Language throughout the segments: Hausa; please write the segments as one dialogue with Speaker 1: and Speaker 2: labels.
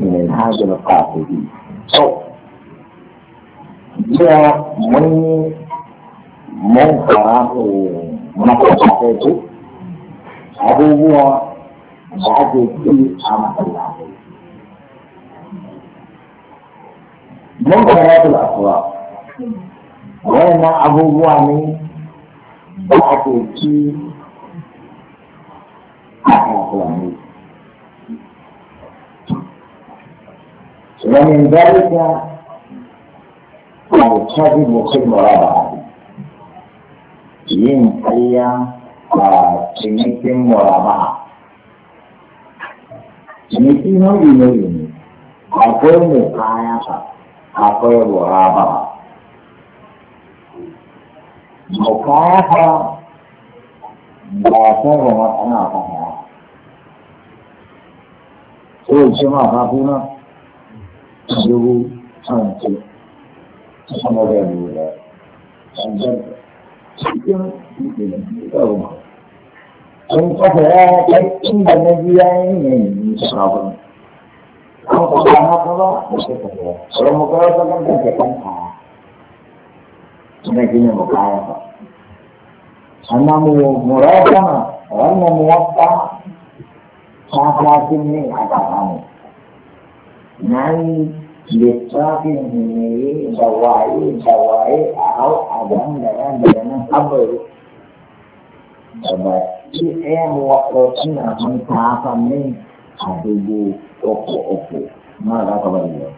Speaker 1: من هذا القاعدة أو يا من من قرأه مكتبته abubuwa da ake a masallatai. Mun karatul aswa, wannan abubuwa ne da a ومن ذلك الكذب في المرابعة yin ƙarya a cinikin muraba ciniki nau'i nau'i ne akwai mu kaya akwai muraba mu kaya fa ba san rumar ana fata so shi ma fa kuna dubu hamsin sama gani da albarka cikin ɗauma sun kafa ya kai inda na biya yanayin sabon an kuma haka ba da suka fiya sai mu ke kan kaya na gina kaya ba littafin ne dawai, dawai a hau a gangaran da nan abaru da ba shi ɗaya wato suna mun tafan min a dubu uku uku ma za ka bari yau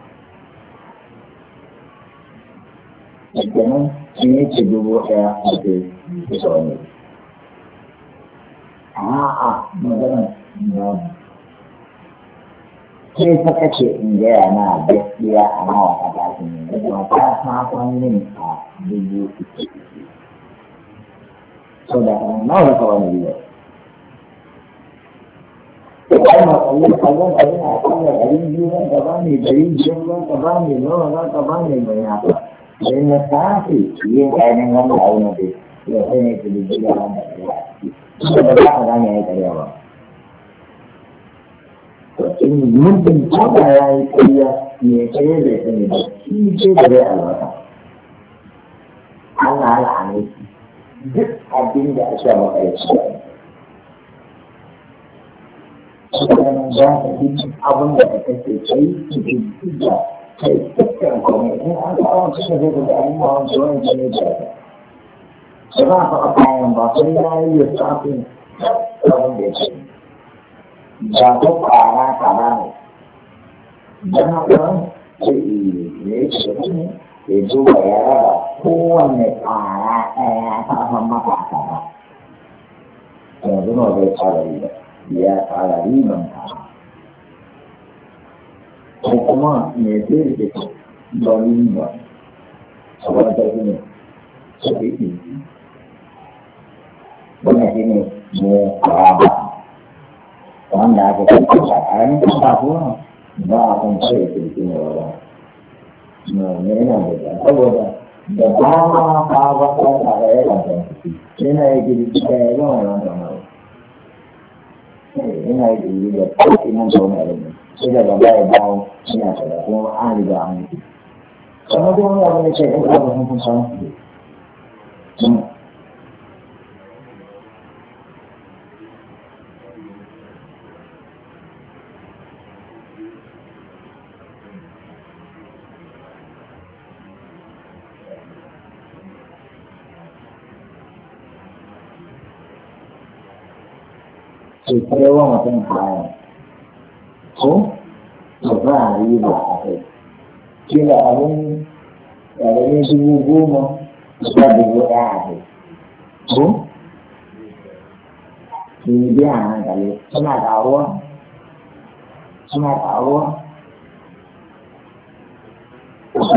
Speaker 1: Kenan sun yi dubu ɗaya a ke kusa wani. A'a, magana, sai ta kace in gaya na gaskiya a nawa ta tashi ne kuma ta safan min a dubu so da nawa ta wani biyar Kai ma tsaye kallon a yana kalla ɗarin biyu nan ka ba ne ɗarin biyar nan ka ba ne nawa nan ka ba ne mai haka. Sai na tashi yin ainihin wannan abu na dai. Yau sai ne ta dubu da ya yi. Sai ba za ka gane a yi ƙarya ba. in muddin ya yi kariya mai kariya da ya ba shi ce da zai albasa Allah ya hane shi duk abin da maka ya ci za ka yi abin da ka cikin duka kome in an cikin zai da wani zuwa ce ne ce. ta ba ka a bayan ba sai ya yi ya tafi da ya ce. ba ta ƙwara ƙara ne don haka sai ne shi ne ya duba ya raba kowane ƙwara ɗaya ta san maka ƙara yanzu nawa zai ƙara riba ya ƙara riban ƙara ko kuma me zai rike ba riba a wani tafi ne su fi ɗin wannan shi ne mu ƙara wanda aka kanta a ƙaramin kanta kuma ba a kan kare kirkin yawa na yana da ta saboda da ba ma ba ba ta tare ya kanta yana yi girki da ya gama yawan kamar yana eh, yi girki da ƙarfi nan da wani abin sai da ban ya dawo yana tsada kuma an riga an yi sannan kuma wani abin da ke ɗan ke kai wa mutum kaya ko to ba a riba a kai kila abin ƙaramin dubu goma zuwa da ɗaya a kai ko ke biya nan gare suna ƙaruwa suna ƙaruwa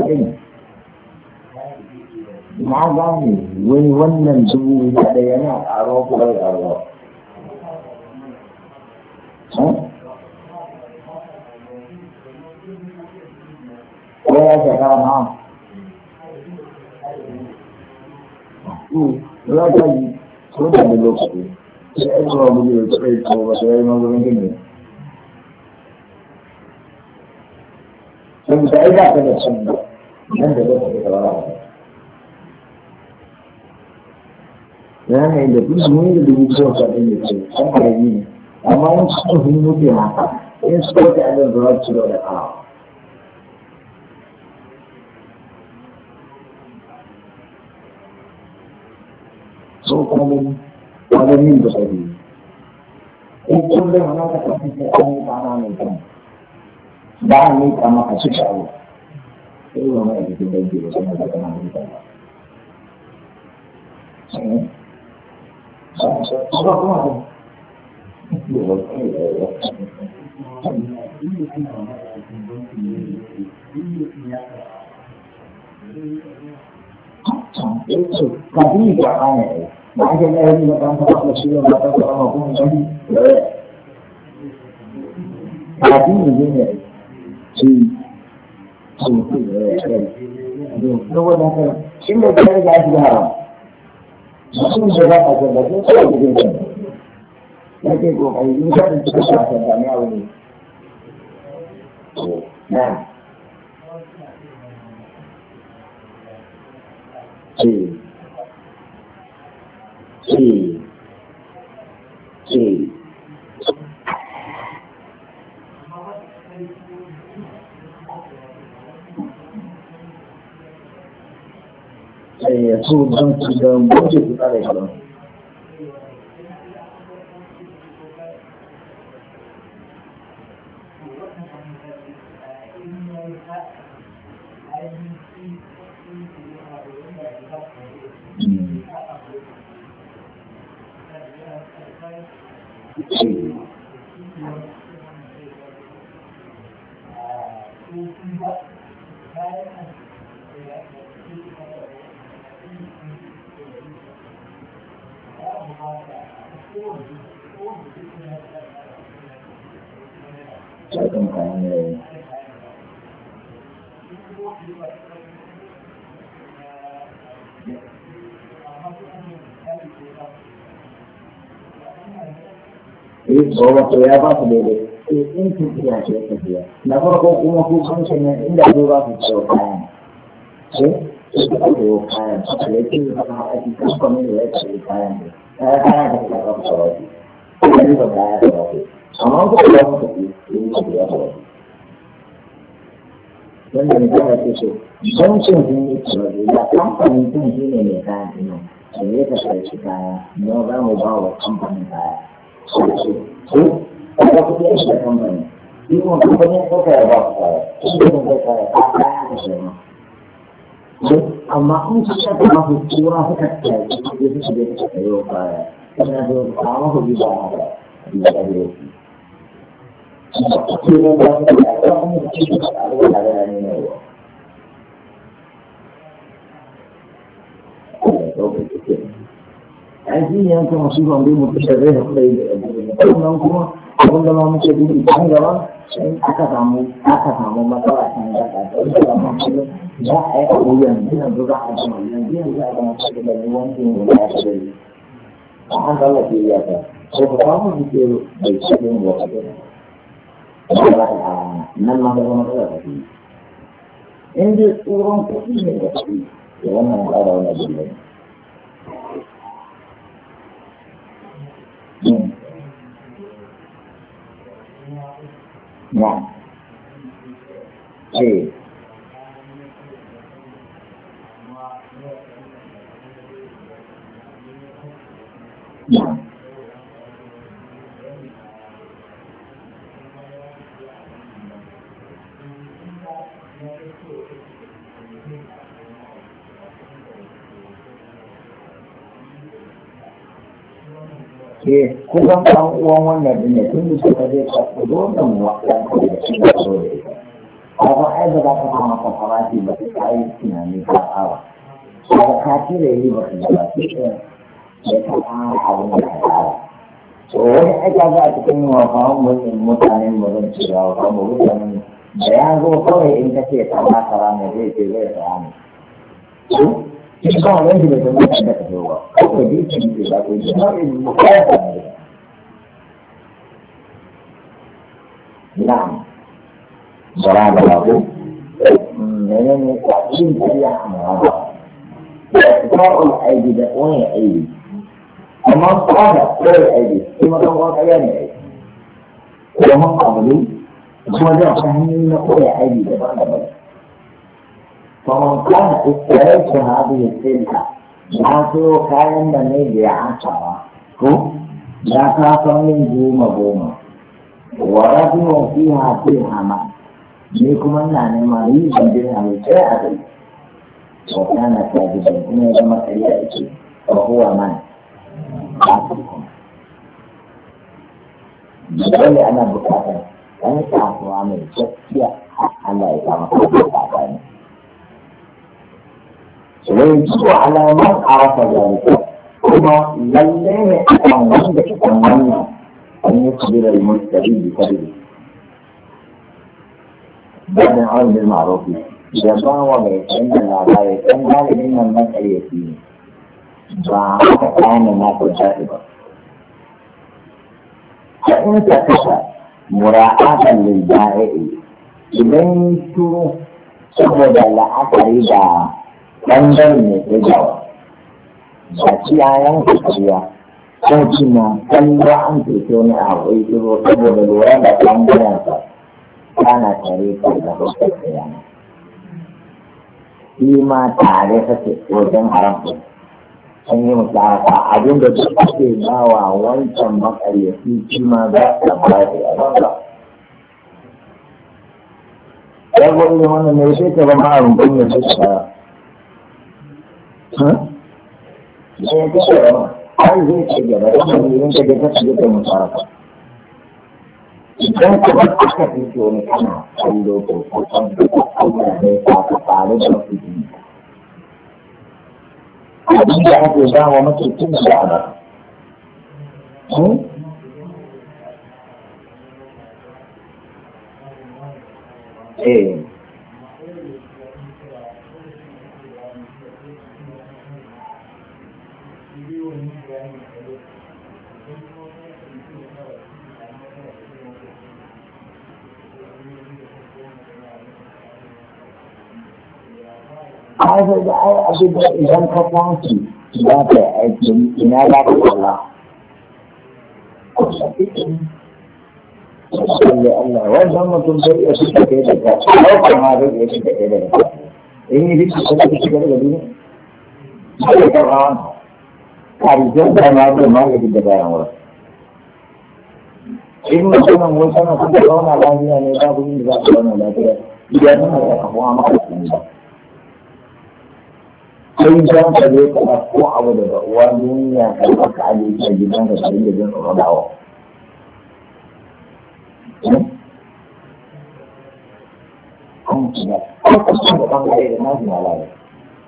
Speaker 1: ɗin na gane wani wannan dubu ɗaya yana ƙaruwa kuma ƙaruwa Wọ́n ṣe kára náà. Lọ́jọ́ yìí, tó dàbí lókùú, ṣe ẹgbẹ́ ọmọ bí o ṣe ìtọ́ ọ̀ṣẹ́ ẹgbẹ́ ọmọ bí o Sun da ya ta da sun da, nan da zai ta Ya ne da duk mun da dubu kusa kwaɗin da ce, an fara yi ne. amma wasu sun mutu haka in su wata abin zuwa ci da kawo so kwanin kwanin yin da sauri in kullum ana ta kafin sai an yi tsana mai kan ba a yi tsama a ci shawo sai wa mai jikin dangi da sanar da kana mai kan ba. Sama kuma Itu tadi tidak aneh. Makanya ini datang ke Rasulullah datang ke orang hukum tadi. Tadi begini. Si si itu ya. Coba nanti. Sini dari gaji haram. Masih sudah ada gaji. Saya begini. 那这个可以，你看这个是啥材料的？
Speaker 2: 嗯嗯
Speaker 1: 嗯。哎呀，组装起来模具多难搞！
Speaker 2: Thank you.
Speaker 1: yi ya ba su daidai sai in kun tafiya ce ta biya na farko kuma ku kun sanya inda ku ba ya ce ba ka haɗa ki kan kwami ya tsoro kayan ne kaya kaya da ka ba tsoro ki kuma ni ba kaya tsoro ki amma ku ba ku tafi ku ba ku ya tsoro don da mutum ya ce so yi tsoro da kamfanin kun shi ne mai kayan ɗin nan sai ya kasance kaya don za mu ba wa kamfanin kaya su a ga kuɗi a shi kamfani shi kuma kamfani ya ɗauka ya ba ku kaya shi ne mafi kaya a kaya da shi ne amma in su shafa mafi kowa su ne su shiga su kayo kaya a mafi da ya ɗauka Ke ba ya ɗauka mutum aiki ne yanka masu zuwa bai mutu da zai da yi da nan kuma abin da ma muke dubi can gaba sai aka samu aka samu matsala can gaba da wani da masu za a yi abu yanzu yanzu za a samu yanzu yanzu a ga masu da ne wani ne da ya ce a an da Allah ke yi yaka sai ka samu jike bai ce ne wa ka wannan ƙara wani na eh na ke eh, kusan ɗan uwan wannan din ne tun da suka zai karɓi domin wasan da shi da so da ita kaga ai ba za ka kama ka farati ba ka yi tunani ka awa kaga ka cire yi ba ka gaba shi ɗin da ka abin da ka wani za a cikin wafawan mutum mu zan ci gawa kan da ya zo kawai in ka ce ka ba ka rana zai ce zai rana يقع رجل جميع هو حتى بيت من إلى الجماع المخاطب نعم ضرب له من التعليم يحمل إقراء الأيدي ده وين أيدي أما الصلاة غير الأيدي ثم تنقل أيام الأيدي ومن قبله ثم ده فهمنا قوي أيدي ده Kawan kan tsere ki hadu ya ce ka, na so kayan da ne da ya asawa, ko? Na kafan yin goma goma, wara kuma fi hafi hama, ne kuma na neman rizin bin hamice a kai. Wata na ta kuma ya zama kai da ake, a kowa mana, a kuma. Dole ana bukatar, ɗan kasuwa mai gaskiya a Allah ya kama kuma bukatar ne. ويجب على من عرف ذلك كما لله أن عندك تمنى أن يخبر المشتري بفضله بعد عون بالمعروف جماعة ويتم الأعضاء يتم ذلك من المسألة يتيم وعرف كان الناس جائبا فإن سكت مراعاة للبائع إذن شو سبب العقل إذا ɓangare mai ta gawa ba ci yayan ko cina kalla an ceto wani a haƙuri tsoro saboda lura da ɓangarensa ana tare da tare an yi abin da duk ake wancan makaryaci shi ma za da sai ta zama a Sai ka Idan ka ba ka kasu wani kana kallo ko ko da ka kuma da ya tare da su ne. Abin da ake ba wa mace tun da
Speaker 2: hmm? Eh,
Speaker 1: haka da ai abin da idan ka tashi za ka yi aikin ina za ka kalla. Salli Allah, wannan mutum zai iya shi da da ka, ɗaukar ma zai iya shi da da ka. In yi rikin sa kuma shigar da duniya? Sai ka ba wani. Karijin da ma zai magani da bayan wurin. In mutumin wasu na kuma zauna lafiya ne babu inda za ka zauna lafiya. Idan na da kafuwa maka da ba. sai don ka je ka ko abu daga uwa duniya ka ɗauka a jikin gidan ka tare da jin ko dawo.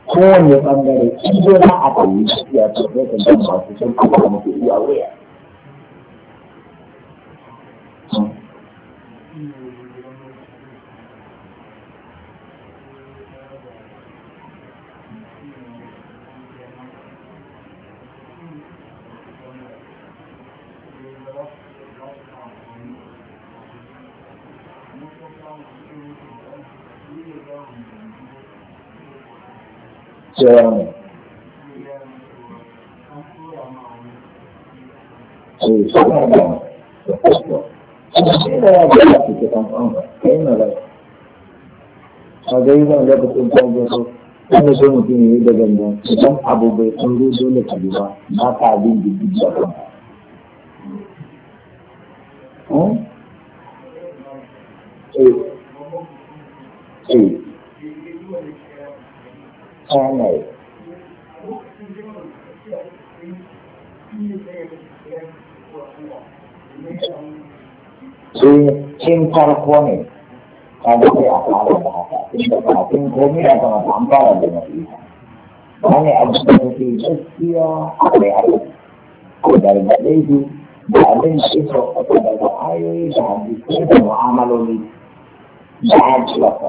Speaker 1: Kowane ɓangare, in dai a ya ce, ka gama su kuma mutu iya wuya. cewa su suna da da ya ga an kai da a ga yi zan lokacin ta ga yi da da kan halaye cin farko ne ta da sai a fara da haka inda kafin komi da kama ta an fara da nafi wani abu da ke gaskiya akwai haka ko da gargaɗe su da abin shi ta uku daga ayoyi da hadisi da mu'amaloli da hajji wata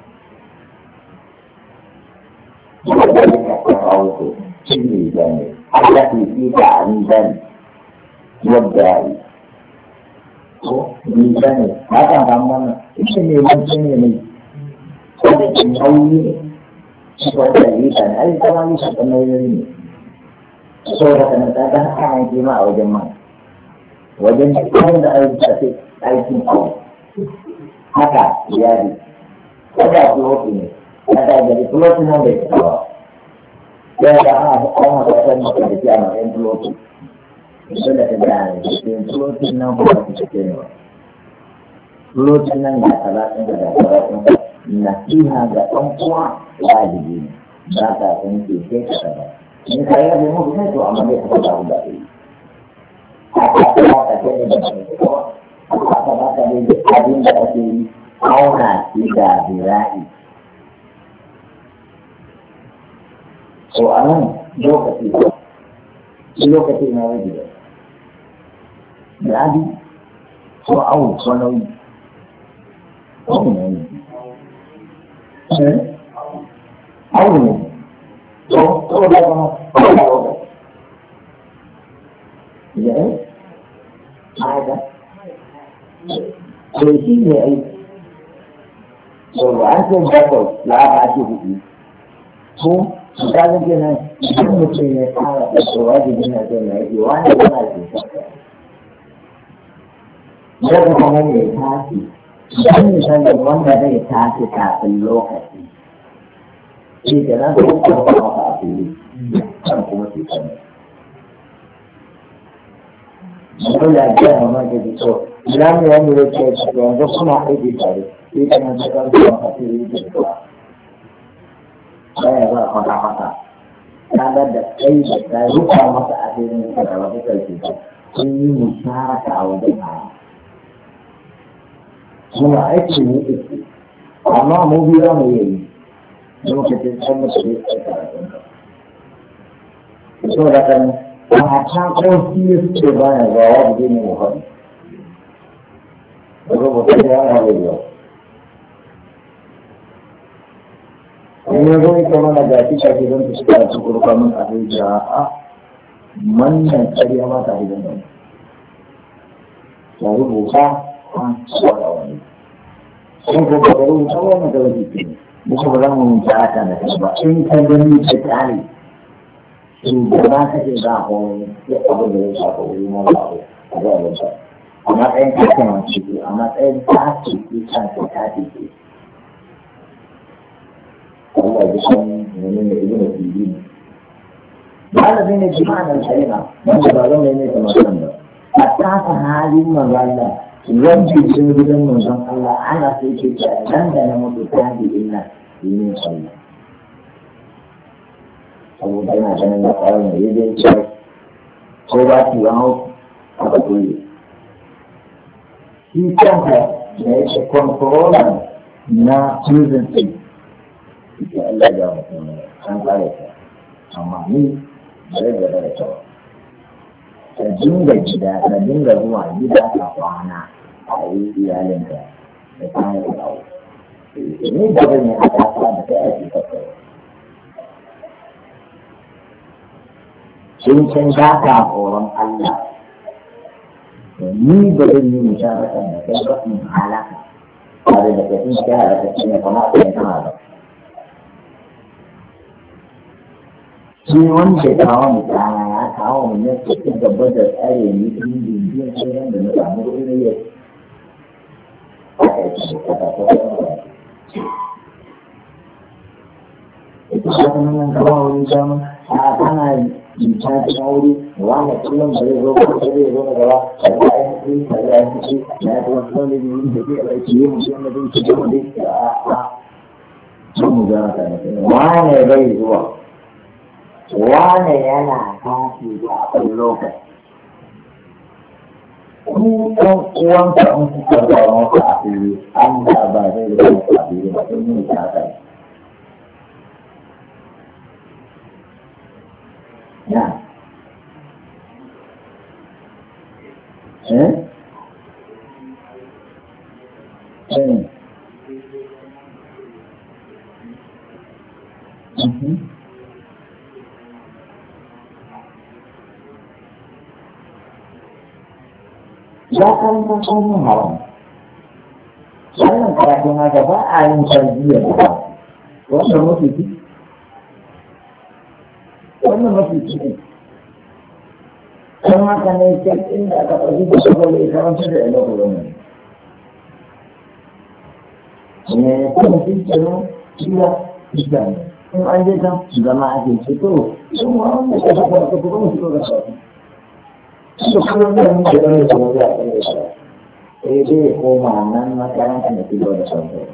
Speaker 1: وذلك التفاوت في الميزان التي في تعريبا والداعي ميزان هذا ضمن ايش الميزان شنو هذا النووي والتعريبا هذه طبعا ليست الميزانية صورة نتابعها عن جماعة وجماعة wajen cikin da aiki tafi aikin aure haka iyali kada ku hoto ne kada da ku hoto nan da ke kawo ya da ana ana da kan da ke a matsayin tulotu sai da da ke tulotu nan ko ba su ne ba tulotu nan da talatin da ga ɗan uwa wajibi ne ba ta san ke kai ta ba ka yi abin to amma ka ba da ke a ka ba ka ke da ke ko a ka ba ka da abin da ake yi auna da so a nan lokaci ba lokaci na rage da gadi ko awo ko nauyi awo nauyi awo ne so ko da eh? eh? ba ba da ba ya yi haɗa ko shi ne aiki so ba an ce ba ko bakwai la'aba ake hudu ko kaga kenan idan mutum ya fara da wajibi na zai na yi wani ba zai yadda kuma ne tafi idan misalin wanda zai tafi kafin lokaci shi da na zai kuma kawo a fili kan kuma su kan Mutum da ajiyar da ke so, idan mu yanzu yanzu suna aiki tare, sai kan yanzu kan a fili da baya ba kwata kwata kaga da kai da ta rufa masa a cikin da wata kalce ba sun yi ta a wajen ba suna aiki ne ita amma mu biya mu yi lokacin san musu ne a karatun so da kan mata ko fiye suke baya ba wa da ne mu faɗi rubuta yi ne zo yi kama ga shi shafi don ta shiga cikin kurfa mun a zai ja a manyan ƙarya ma ta hidan nan ta rubuta a tsara wani sun ko ba wuta wani da wani ke ne. musu ba za mu yi ta aka na kasu ba in ka gani ta tsari su ba za ka ce za a kowai ya abu da ya shafa wuri ma ba abu a zai Amma matsayin kasan wani ciki amma matsayin ta ciki kan ta ciki Allah ji kan menene ibnu sirri malami ne jima'an al-kalima wanda ba zan mai mai tamakan ba a tafa halin magana rajin gidan manzon Allah ana so ke ta dan da na mutu ta bi ina yin sallah saboda ina ganin da kawai ne yaje ce ko ba ki yawo a kuri shi kanka da yake kontrolan na prison da Allah ya gawa mutum ne an kare ta amma ni ba zai gaba da ta ka dinga gida ka dinga zuwa gida ka kwana a yi iyalinka da kayan kawo eh, ni ba zan yi haɗaka da ta ake tattara sun san ba ka horon Allah ni ba zan yi musharaka da kai ba in halaka tare da kai sun kai halaka shi ne kamar kai kana ba shi wanda ya kawo mu tsara ya kawo mu ne su ci gaba da tsare ni tun jinjin sauran da na samu ruwan yin a ta ita shi kuma nan kawo wani dama a ana jinta ta wuri wani kullum ba zai zo ko zai zo na gaba a ga ainihin ta ga ainihin na ya kuma zama ne ne da ke aiki yi musu yana zai ci gaba da ya a a sun mu gara ta ne wani bai zuwa wane yana tashi a kan lokaci ku ɗan uwanka kuka zama ka a an da ba zai zama a ba sun yi ta
Speaker 2: Ya. eh eh
Speaker 1: ya san haram wannan karatun haka ba a yin tarbiyya ba wannan mafi kan haka ne can inda da su bane karanta da ina ko wannan ne kuma shi ke nan kila islam in an je kan zama ake ce kuma su kuma ɗan da da da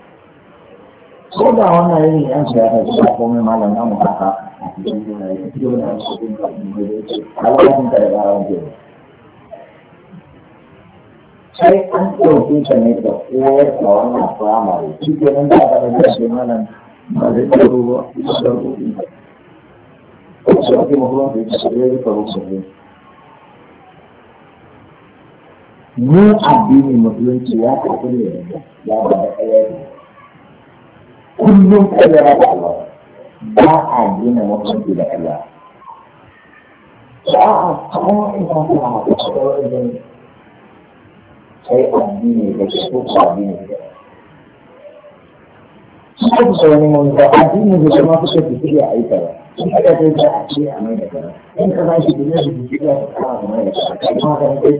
Speaker 1: ko wannan yin yan siyasa su ba komai malam na mutaka a cikin juna ya fito da wasu ɗin kafin da ya ce alaƙin da ɓarawar jini sai an ɗauke ta ne da koyar da wannan firamare shi ke nan da aka rage shi malam ba zai ɗaro ba su ɗaro ɗin ba. Wasu ake mahuwa da ya ce ya yi faru sabbin. mu addini musulunci ya karɓi ne ya ba da ɗaya ne kullum ɗaya da Allah ba a gina mutunci da Allah a'a kuma in ka ta a kusurwar ɗaurin sai addini da shi ko addini da shi ko kusa wani mun ba addini da shi ma kusa da shi a aika ba sun haɗa kai ta a ce a mai da kana in ka ba shi da shi da shi da shi a mai da shi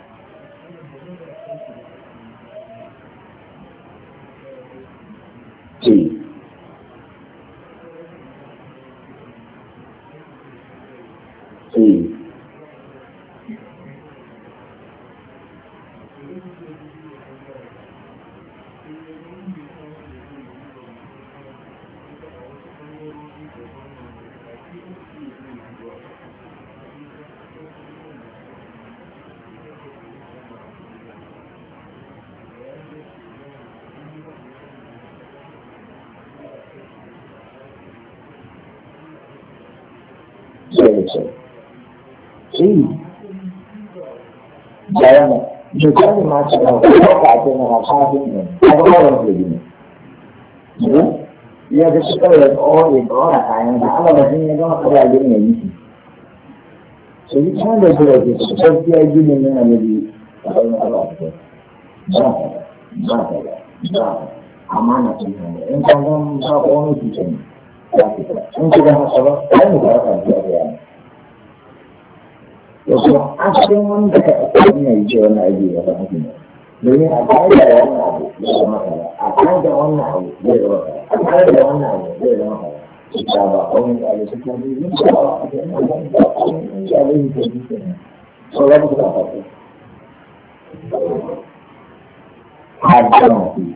Speaker 1: eh bayan misali ma ce ba kuma ka ce na kafin ne a ga wannan ne ya ga shi kawai da ƙoƙari da wani kayan da ala da sun yi gama kawai gini ya yi
Speaker 2: su yi can da
Speaker 1: su da ke su sarki ya ne na a ɗan ba ba ba ba amma na ce ne in kan gan ba ko wani kicin ya fita in kiga hasa ba ɗan da aka da kuma asalin wanda ka ɗauki ne ya na abu ya zama domin a ƙa'ida da wannan abu ya zama kaza a ƙa'ida wannan abu zai zama kaza a ƙa'ida wannan abu zai zama kaza da ba kawai a yau suka yi yin ba a kan yi da kawai in zai yi ta so za ku ta faɗi.
Speaker 2: Hadda mafi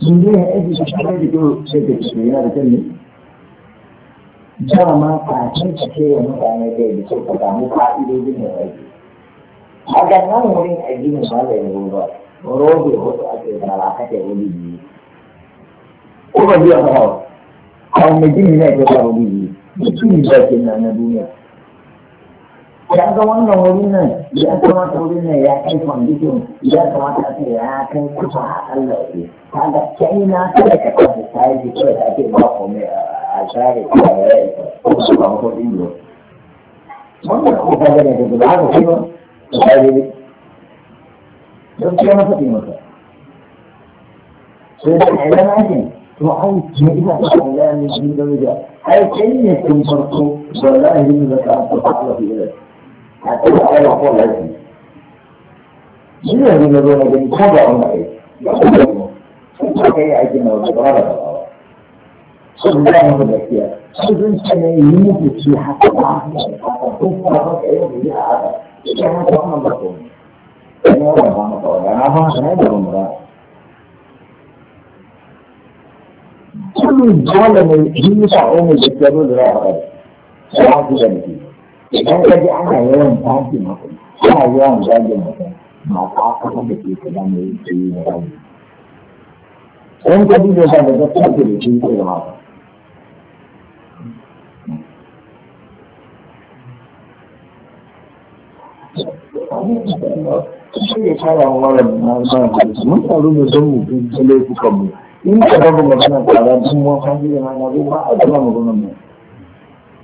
Speaker 1: sun ya aiki su shi da kyau sai da su yana da kan dama kacin cike ya mutane da ya ce ka samu fa'idodin da aiki a ga nan wurin aiki ne ba zai ya ba robe wasu ake wuri biyu ko ba a gini ne ke biyu na na duniya ya ga wannan wurin nan ya kamata wurin nan ya kai kwamitin, ya kamata a ce ya kai kusa a Allah ke ta ga na ta da ka kasa ta yi ce kawai ake ba ko mai a share ta ya yi ko su ba ko ido wannan ko ka gane da ba ko kuma ta yi don ke masa ke masa sai da yi da maki to an ce ina da Allah ne shi da ai kai ne kun farko wallahi ne da ka ta fara fi a kuma a yana kwan lafi shi ne yanzu na zo gani ko ba wani aiki ba su da mu sun ta kai aikin na wasu ba da ba sun da mu gaskiya sun sun ce ne yi muku ci haka ba sun fara ba ka yi mu yi ba ne ne ne mai gaskiya dole za
Speaker 2: idan ka ji ana yawan
Speaker 1: tashi mutum ana yawan zage mutum ta kasa da ke kula mai ke yi da rauni in ka ji zai zaga gaskiya ke da shi ke da masu Shi ne kara na don mu bin laifukan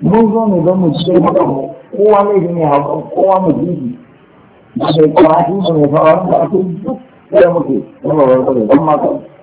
Speaker 1: mu. ka ba kowa mai jin ya hau kowa mai jin da bai kwanaki mai fara da ake yi da muke na babbar kwanaki don mata